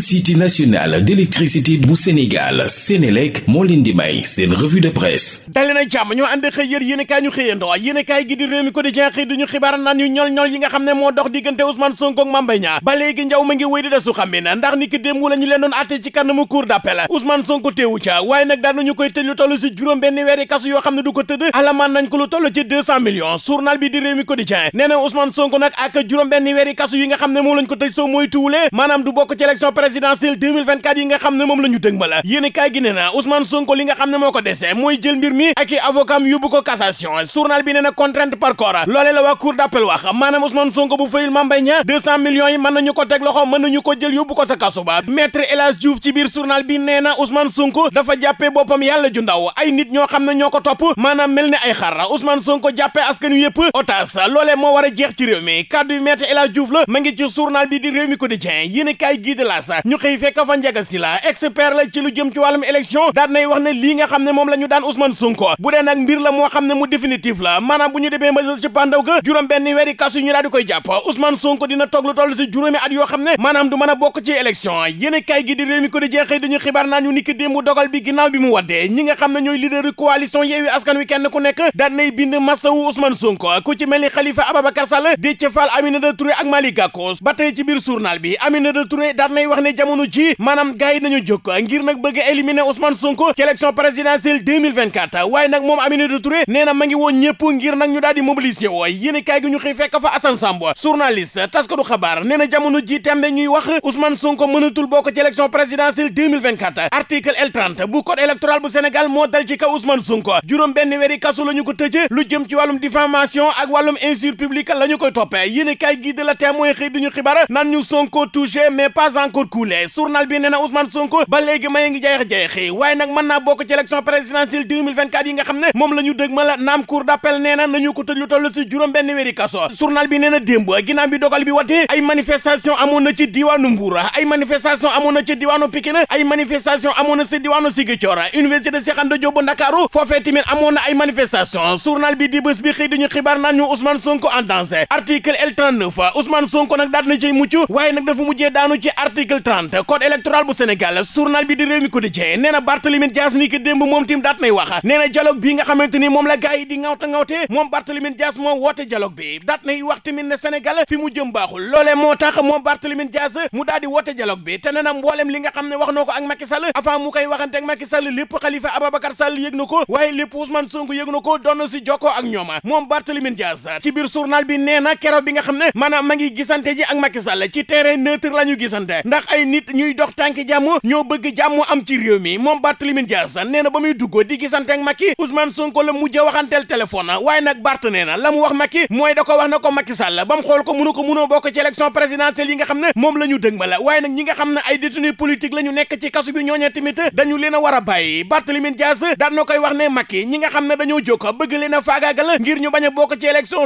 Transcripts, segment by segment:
société nationale d'électricité bu Sénégal Sénélec moo leen di may seen revue de presse dali na jàmm ñoo ànd xëy yër yéen kaay ñu xëyandoo yéen kaay gi di réew mi quotidien xëy duñu xibaar naan ñu ñol ñol yi nga xam ne moo dox diggante Ousmane Sonko ak Mame ba léegi njaw ma ngi wéy di desu xam ndax ni ki démb la ñu doon àtte ci kanamu cour d'appel Ousmane Sonko teewu ca waaye nag daan nañu koy tëj lu toll si juróom benn weeri kasu yoo xam présidentielle 2024 yi nga xam ne moom la ñu dëgmal yéen kaay gi ne na Ousmane Sonko li nga xam ne moo ko dese mooy jël mbir mi ak i avocat yóbbu ko cassation journal bi nee na par corps loolee la waa cour d'appel wax maanaam Ousmane Sonko bu fayul Mame Mbaye Niang 200 millions yi mën nañu ko teg loxo mën nañu ko jël yóbbu ko sa kaso ba maître El Hadj ci biir journal bi nee na Sonko dafa jàppee boppam yàlla ju ndaw ay nit ñoo xam ne a jeex ci réew mi kàddu yu maître Seras ñu xëy fekk fa Ndiaga Sylla expert la ci lu jëm ci wàllum élection daan nay wax ne lii nga xam ne moom la ñu daan Ousmane Sonko bu dee nag mbir la moo xam ne mu définitif la maanaam bu ñu demee ba ci pandaw ga juróom benn weeri kasu ñu daal di koy jàpp Ousmane Sonko dina toog lu toll si juróomi at yoo xam ne maanaam du mën a bokk ci élection i kay gi di réew mi ko di jeexee xibaar naan ñu ni ki démb dogal bi ginnaaw bi mu waddee ñi nga xam ku nekk daan nay bind massawu ni Khalifa Ababacar Sall Déthié Fall Aminata Touré ak Malick Gakou ba tey ci biir wax ne jamono ji maanaam gars nañu jóg ngir nag bëgg a éliminer Ousmane Sonko ci élection présidentielle 2024 waaye nag moom Aminata Touré nee na ma ngi ngir nag ñu daal di mobiliser woo yéen gi ñu xëy fekk fa Assane Samb journaliste taskatu xabaar nee na jamono ji tembe ñuy wax Ousmane Sonko mënatul bokk ci élection présidentielle 2024 article L30 bu code électoral bu Sénégal moo ci kaw Ousmane Sonko juróom benn weeri kasu la ko tëj lu jëm ci wàllum diffamation Mor Koule journal bi nee na Ousmane Sonko ba léegi may ngi jayax-jayaxi waaye nag mën naa bokk ci élection présidentielle 2024 yi nga xam ne moom la ñu dëg la naam cour d'appel nee nañu ko tëj lu toll si juróom benn wéeri kaso journal bi nee na ay manifestation amoon na diwaanu Mbour ay manifestation amoon na diwaanu si diwaanu université Cheikh Anta Diop bu Ndakaaru foofee tamit na ay manifestation journal bi di bés bi xëy ñu Ousmane article 30 code électoral bu Sénégal journal bi di réew mi quotidien nee na Barthélémy Dias ni ki démb moom tim daat nay wax nee na bi nga xamante ni moom la gars di ŋawta ŋawte moom moom woote dialogue bi daat nay wax tamit ne Sénégal fi mu jëm baaxul loolee moo tax moom Barthélémy Dias mu daal di woote bi te nee na li nga xam ne wax na ko ak Macky Sall avant mu koy waxante ak Macky Sall lépp Khalifa Ababacar Sall yëg na ko waaye lépp Ousmane Sonko ay nit ñuy dox tànki jàmm ñoo bëgg jàmm am ci réew mi moom Barthélémy Dias nee na ba muy dugg di gisante ak Macky Ousmane Sonko la mujj waxanteel téléphone waaye nag Barth nee na la mu wax Macky mooy da ko wax na ko Macky Sall ba mu xool ko mënu ko mënoo bokk ci élection présidentielle yi nga xam ne moom lañu ñu dëg ma la waaye nag ñi nga xam ne ay détenu politique la ñu nekk ci kasu bi ñooñee tamit dañu leen a war a bàyyi Barthélémy Dias daan na koy wax ne Macky ñi nga xam ne dañoo jóg bëgg leen a faagaagal ngir ñu bañ a bokk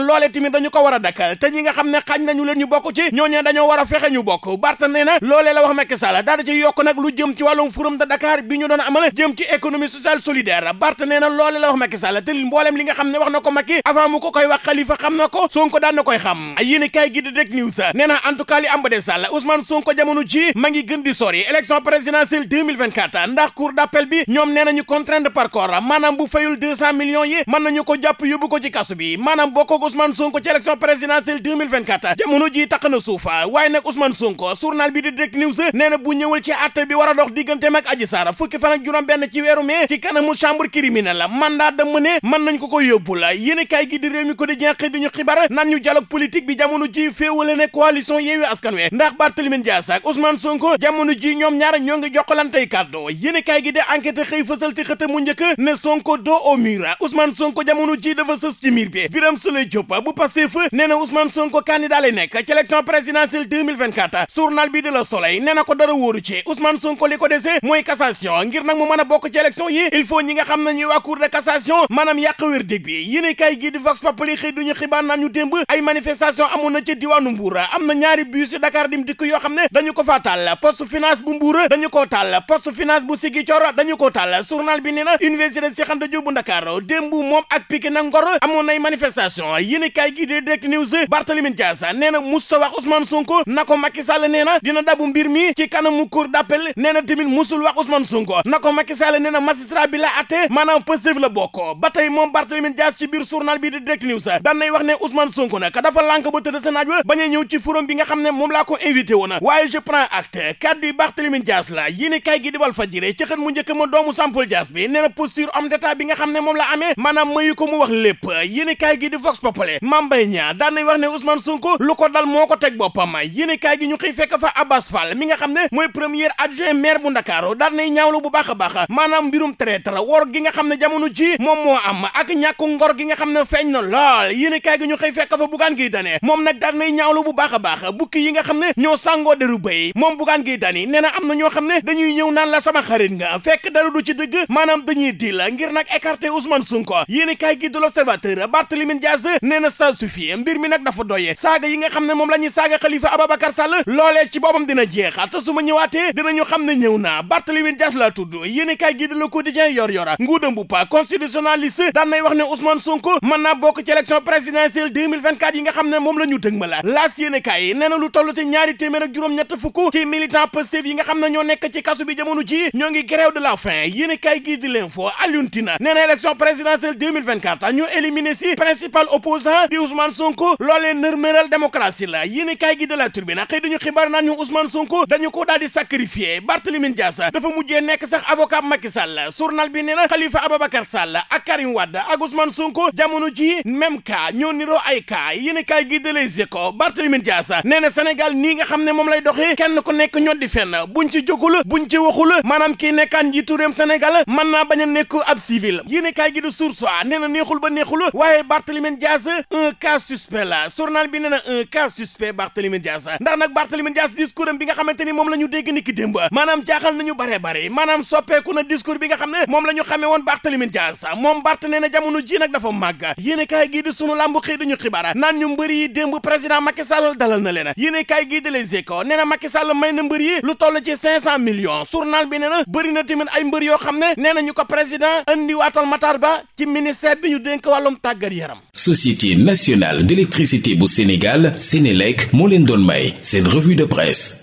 loole tamit dañu ko war a te ñi nga xam ne xañ nañu leen ñu bokk ci ñooñee dañoo war fexe ñu bokk Barth na loole loolee la wax Macky Sall daal di ci yokk nag lu jëm ci wàllum forum de bi ñu doon amal jëm ci économie sociale solidaire Barth nee na la wax Macky Sall te mbooleem li nga xam ne wax na ko Macky avant mu ko koy wax Khalifa xam na ko Sonko daan na koy xam yéen kaay gi di Direct News nee na en tout cas li am ba de Sall Ousmane Sonko jamono ji ma ngi gën di sori élection présidentielle 2024 ndax cour d'appel bi ñoom nee nañu ko jàpp news nee na bu ñëwal ci àtte bi wara a dox digganteem ak Adji Sarr fukki fan ak juróom benn ci weeru mai ci kanamu chambre criminelle la mandat de mener mën nañ ko ko yóbbu la yéen kaay gi di réew mi ko di jenqi ñu xibaar naan ñu dialogue bi jamono ji féewale ne coalition Yewwi Askan Wi ndax Barthélémy Dias ak Ousmane Sonko jamono ji ñoom ñaar ñoo ngi jokkalantey kàddu yéen kaay gi di enquête xëy fësal ci xët njëkk ne Sonko dos au mur Sonko jamono ji dafa sës ci miir bi Birame Souleye Diop bu Pastef nee na Ousmane Sonko bi de soleil nee na ko dara wóoru ci Ousmane Sonko li ko dese mooy cassation ngir nag mu mën a bokk ci élection yi il faut ñi nga xam ne ñuy waa cour de cassation maanaam yàq wér dég bi yéene kaay gii di Vox Populi xëy duñu xibaar naan ñu ay manifestation amoon na ci diwaanu Mbour am na ñaari bus yu Dakar Dem Dikk yoo xam ne dañu ko faa taal poste finance bu Mbour dañu koo taal poste finance bu Ziguinchor dañu koo taal journal bi nee université Cheikh Anta Diop bu Dakar démb mbir mi ci kanamu cour d'appel nee na tamit musul wax Ousmane Sonko na ko Macky Sall nee na magistrat bi la atte maanaam la bokk ba tey moom Barthélémy Dias ci biir journal bi di Direct News daan nay wax ne Ousmane Sonko dafa lànk ba tëdd sa naaj ñëw ci forum bi nga xam ne moom laa ko invité woon waaye je prends acte kaddu yi Barthélémy Dias la yéene kaay gi di Walf Fadjri ci xët mu njëkk doomu Sampol Dias bi nee na posture homme d'état bi nga xam ne Fall mi nga xam ne mooy premier adjoint maire bu Ndakaaru daal nay ñaawlu bu baax a baax maanaam mbirum traître wor gi nga xam ne jamono ji moom moo am ak ñàkku ngor gi nga xam ne feeñ na lool yéen kaay gi ñu xëy fekk fa bugaan gi dane moom nag daal nay ñaawlu bu baax a bukki yi nga xam ne ñoo sàngoo deru béy moom bugaan gi dani nee na am na ñoo xam ne dañuy ñëw naan la sama xarit nga fekk dara du ci dëgg maanaam dañuy di la ngir nag écarter Ousmane Sonko yéen kaay gi du l'Observateur Barthélémy Dias nee na ça jeexal te su ma ñëwaatee dinañu xam ne ñëw naa Barthélémy Dias laa tudd yéen kaay gi di Le Quotidien yor yora bu pa constitutionnaliste daan wax ne Ousmane Sonko mën naa bokk ci élection présidentielle yi nga xam ne moom la ñu dëgmal laas yéen kaay nee na lu toll ci ñaari téeméer juróom-ñett fukk ci militant Pastef yi nga xam ne ñoo nekk ci kasu bi jamono ji ñoo ngi grève de la faim yéen kaay gi di L'Info Alioune Tine nee na élection Sonko dañu ko daal di sacrifié Barthélémy Dias dafa mujjee nekk sax avocat Macky Sall journal bi nee na Khalifa Ababacar Sall ak Karim Wade ak Ousmane Sonko jamono ji même cas ñoo niroo ay cas yéen kaay gi de Les Échos Barthélémy Dias nee na Sénégal nii nga xam ne moom lay doxee kenn ku nekk ñoo di fenn buñ ci jógul buñ ci waxul maanaam kii nekkaan njiitu réewum Sénégal mën naa bañ a nekk ab civil yéen kaay gi de Source A nee na neexul ba neexul waaye Barthélémy Dias un cas suspect la journal na un cas suspect Barthélémy Dias nga xamante ni la ñu dégg ni ki démb maanaam jaaxal nañu bare bare maanaam soppeeku ne moom la ñu xamee woon Barthélémy Dias moom Bart nee na jamono ji nag dafa màgg yéen kaay gii di sunu làmbu xëy dañu xibaar naan ñu mbër yi démb président Macky Sall dalal na leen yéen kaay gii di Les Échos nee na Macky may na mbër yi lu toll ci cinq cent millions bi nee bëri na tamit ay mbër yoo xam ne nee ñu ko président andi waatal Matar Ba ci ministère bi ñu dénk wàllum tàggat yaram Société nationale d'électricité bu Sénégal Sénélec moo leen doon may seen revue de presse